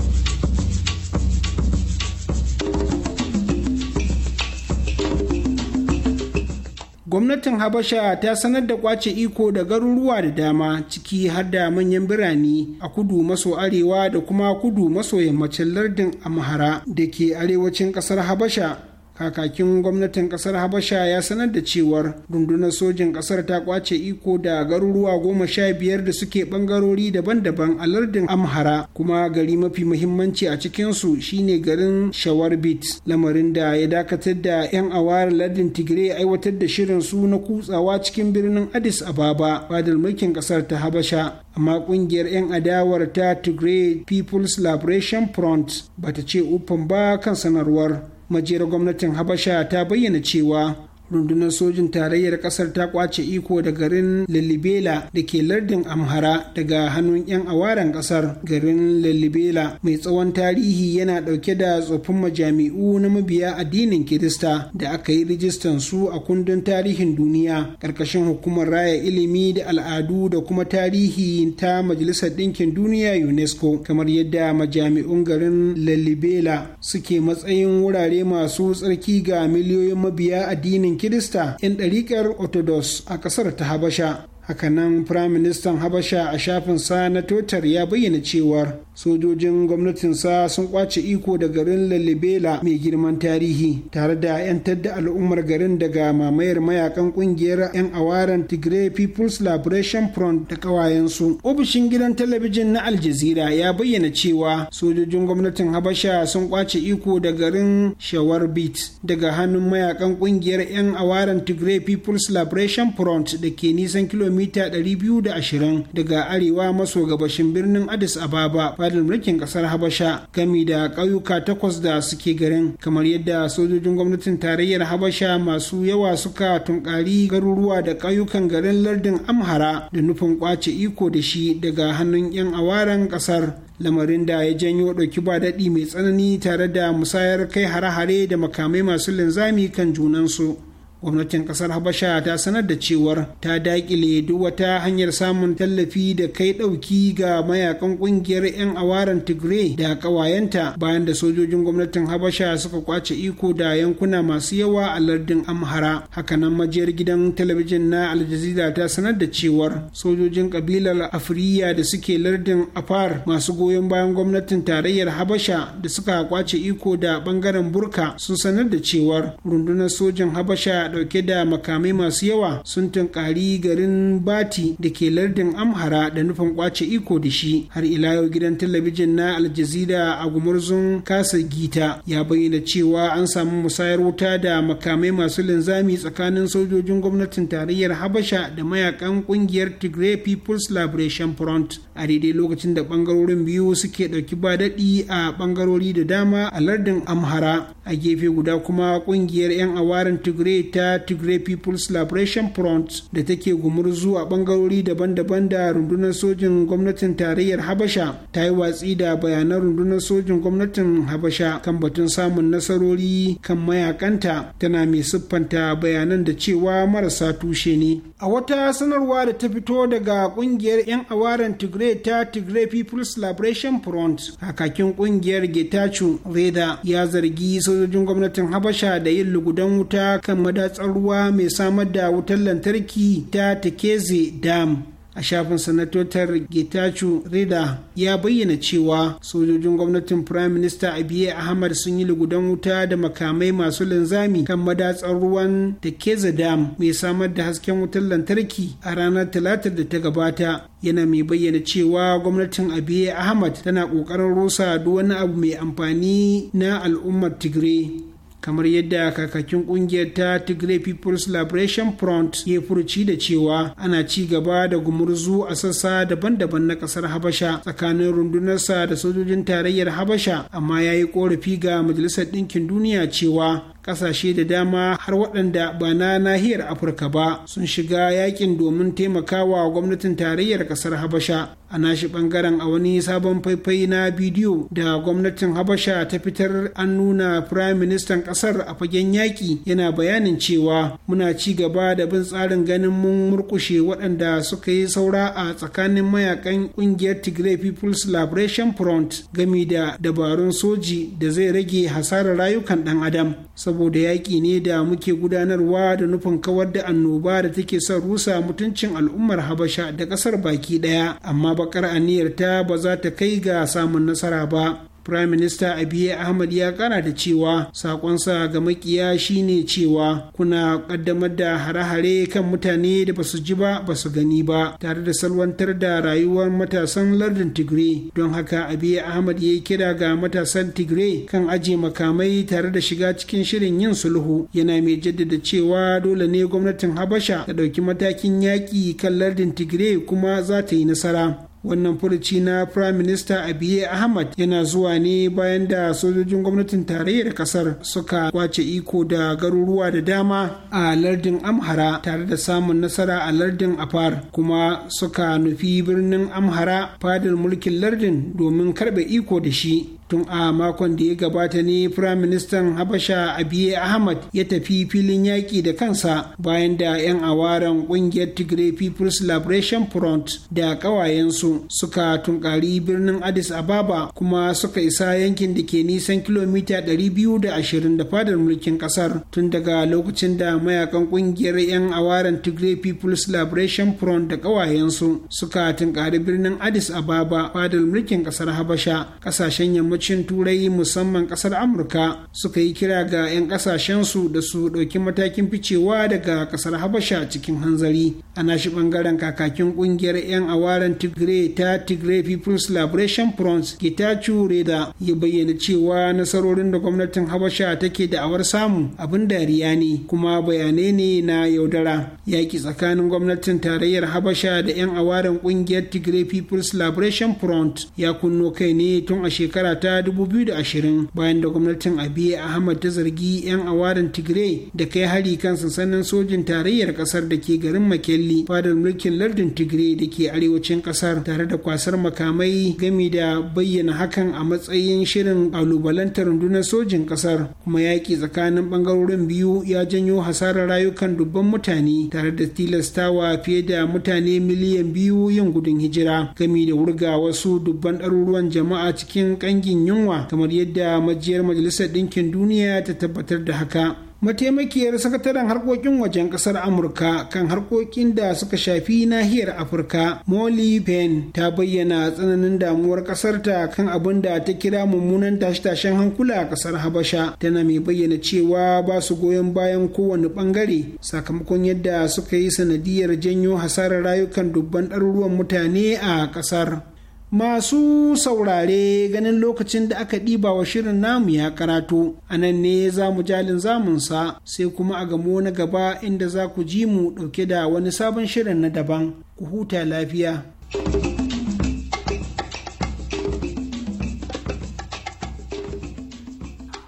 gwamnatin habasha ta sanar da kwace iko da garuruwa da dama ciki har da manyan birane a kudu maso arewa da kuma kudu maso yammacin lardin amhara da ke arewacin kasar habasha kakakin gwamnatin kasar habasha ya sanar da cewar rundunar sojin kasar ta kwace iko da garuruwa goma sha biyar da suke bangarori daban-daban a lardin amhara kuma gari mafi muhimmanci a cikinsu shine garin shawarbit lamarin da ya dakatar da 'yan awar lardin tigre aiwatar da shirin su na kutsawa cikin birnin addis ababa fadar mulkin kasar ta habasha amma kungiyar 'yan adawar ta tigre people's liberation front bata ce ufan ba kan sanarwar majiyar gwamnatin habasha ta bayyana cewa rundunar sojin tarayyar kasar ta kwace iko da garin lalibela da ke lardin amhara daga hannun 'yan awaren kasar garin lalibela mai tsawon tarihi yana dauke da tsoffin majami'u na mabiya addinin kirista da aka yi rijistan su a kundin tarihin duniya karkashin hukumar raya ilimi da al'adu da kuma tarihi ta majalisar ɗinkin duniya unesco kamar yadda majami'un garin lalibela suke matsayin wurare masu tsarki ga miliyoyin mabiya addinin kirista 'yan ɗariƙar orthodox a ƙasar ta habasha hakanan firaministan habasha a shafin sa na totar ya bayyana cewar sojojin gwamnatinsa sun kwace iko da garin lalibela mai girman tarihi tare da 'yan tadda al'ummar garin daga mamayar mayakan kungiyar 'yan awaren tigray people's liberation front da kawayensu ofishin gidan talabijin na aljazira ya bayyana cewa sojojin gwamnatin habasha sun kwace iko da garin shawar beat daga hannun mayakan kungiyar 'yan awaren tigray people's liberation front da ke nisan kilomita kilomita 220 daga arewa maso gabashin birnin addis ababa fadar mulkin kasar habasha gami da ƙauyuka takwas da suke garin kamar yadda sojojin gwamnatin tarayyar habasha masu yawa suka tunkari garuruwa da ƙauyukan garin lardin amhara da nufin kwace iko da shi daga hannun 'yan awaran kasar lamarin da ya janyo ɗauki ba daɗi mai tsanani tare da musayar kai hare-hare da makamai masu linzami kan junansu gwamnatin kasar habasha ta sanar da cewar ta dakile duk wata hanyar samun tallafi da kai ɗauki ga mayakan ƙungiyar 'yan awaran tigray da ƙawayenta bayan da sojojin gwamnatin habasha suka kwace iko da yankuna masu yawa a lardin amhara hakanan majiyar gidan talabijin na aljazira ta sanar da cewar sojojin kabilar afiriya da suke lardin afar masu goyon bayan gwamnatin tarayyar habasha da suka kwace iko da bangaren burka sun sanar da cewar rundunar sojin habasha amurka dauke da makamai masu yawa sun tunkari garin bati da ke lardin amhara da nufin kwace iko da shi har ila yau gidan talabijin na aljazira a gumurzun kasa gita ya bayyana cewa an samu musayar wuta da makamai masu linzami tsakanin sojojin gwamnatin tarayyar habasha da mayakan kungiyar tigray people's liberation front a daidai lokacin da bangarorin biyu suke dauki ba daɗi a bangarori da dama a lardin amhara a gefe guda kuma kungiyar 'yan awarin tigray ta tigray people's liberation front da take gumurzu a bangarori daban-daban da rundunar sojin gwamnatin tarayyar habasha ta yi watsi da bayanan rundunar sojin gwamnatin habasha kan batun samun nasarori kan mayakanta tana mai siffanta bayanan da cewa marasa tushe ne a wata sanarwa da ta fito daga kungiyar 'yan awaren tigray ta tigray people's liberation front kakakin kungiyar getachu reda ya zargi sojojin gwamnatin habasha da yin lugudan wuta kan madaji matatsar ruwa mai samar da wutar lantarki ta Tekeze Dam. a shafin sanatotar getachu reda ya bayyana cewa sojojin gwamnatin prime minister abiy ahmad sun yi lugudan wuta da makamai masu linzami kan madatsar ruwan da keza dam mai samar da hasken wutar lantarki a ranar talatar da ta gabata yana mai bayyana cewa gwamnatin abiy ahmad tana kokarin rusa duk wani abu mai amfani na al'ummar tigray kamar yadda kakakin kungiyar ta Tigray People's Liberation Front ya furuci da cewa ana ci gaba da gumurzu a sassa daban-daban na kasar Habasha tsakanin rundunarsa da sojojin tarayyar Habasha amma ya yi korafi ga Majalisar Ɗinkin Duniya cewa kasashe da dama har waɗanda ba na nahiyar afirka ba sun shiga yakin domin taimakawa gwamnatin tarayyar ƙasar habasha a nashi ɓangaren a wani sabon faifai na bidiyo da gwamnatin habasha ta fitar an nuna firayim ministan kasar a fagen yaƙi yana bayanin cewa muna ci gaba da bin tsarin ganin mun murkushe waɗanda suka yi saura a tsakanin mayakan ƙungiyar tigray people's liberation front gami da dabarun soji da zai rage hasarar rayukan ɗan adam saboda yaƙi ne da muke gudanarwa da nufin kawar da annoba da take son rusa mutuncin al'ummar habasha da ƙasar baki ɗaya amma bakar aniyarta ba za ta kai ga samun nasara ba Prime Minister Abiy Ahmad ya kara da cewa sakonsa ga makiya shine cewa kuna kaddamar da hare-hare kan mutane da ba su ji ba ba su gani ba tare da salwantar da rayuwar matasan lardin Tigray don haka Abiy Ahmad ya kira ga matasan Tigray kan aje makamai tare da shiga cikin shirin yin sulhu yana mai jaddada cewa dole ne gwamnatin Habasha ta ɗauki matakin yaƙi kan lardin Tigray kuma za ta yi nasara. wannan furuci na prime minister abiye ahmad yana zuwa ne bayan da sojojin gwamnatin tarayyar kasar suka kwace iko da garuruwa da dama a lardin amhara tare da samun nasara a lardin afar kuma suka nufi birnin amhara fadar mulkin lardin domin karbe iko da shi tun a makon da ya gabata ne firaministan habasha abiye ahmad ya tafi filin yaƙi da kansa bayan da 'yan awaren ƙungiyar tigray people's liberation front da ƙawayensu suka tunƙari birnin addis ababa kuma suka isa yankin da ke nisan kilomita 220 da fadar mulkin ƙasar tun daga lokacin da mayakan ƙungiyar 'yan awaren tigray people's liberation front da ƙawayensu suka tunkari birnin addis ababa fadar mulkin ƙasar habasha ƙasashen yamma yammacin turai musamman kasar amurka suka yi kira ga 'yan kasashensu da su ɗauki matakin ficewa daga kasar habasha cikin hanzari ana shi bangaren kakakin kungiyar 'yan awaren tigray ta tigray people's liberation front cure da ya bayyana cewa nasarorin da gwamnatin habasha take da'awar samu abin dariya ne kuma bayanai ne na yaudara yaƙi tsakanin gwamnatin tarayyar habasha da 'yan awaren kungiyar tigray people's liberation front ya kunno kai ne tun a shekara ta ta 2020 bayan da gwamnatin abiy ahmad ta zargi 'yan awarin tigray da kai hari kan sansanin sojin tarayyar kasar da ke garin makelli fadar mulkin lardin tigray da ke arewacin kasar tare da kwasar makamai gami da bayyana hakan a matsayin shirin kalubalantar rundunar sojin kasar kuma yaƙi tsakanin ɓangarorin biyu ya janyo hasarar rayukan dubban mutane tare da tilastawa fiye da mutane miliyan biyu yin gudun hijira gami da wurga wasu dubban ɗaruruwan jama'a cikin ƙangin jin yunwa kamar yadda majiyar majalisar ɗinkin duniya ta tabbatar da haka mataimakiyar sakataren harkokin wajen kasar amurka kan harkokin da suka shafi nahiyar afirka molly penn ta bayyana tsananin damuwar kasarta kan abin da ta kira mummunan tashe-tashen hankula a kasar habasha tana mai bayyana cewa ba su goyon bayan kowane bangare sakamakon yadda suka yi sanadiyar janyo hasarar rayukan dubban ɗaruruwan mutane a kasar Masu saurare ganin lokacin da aka ɗiba wa shirin namu ya karatu a nan ne za mu jalin zamunsa sai kuma a gamo na gaba inda za ku ji mu ɗauke da wani sabon shirin na daban ku huta lafiya.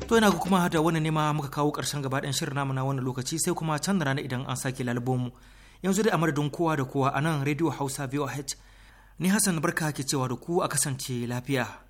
To yana kuma hada wani nema muka kawo ƙarshen gabaɗayan shirin namu na wannan lokaci sai kuma can da rana idan an sake lalbomu. Yanzu dai a madadin kowa da kowa a nan Radio Hausa VOH Ni Hassan barka ke cewa da ku a kasance lafiya.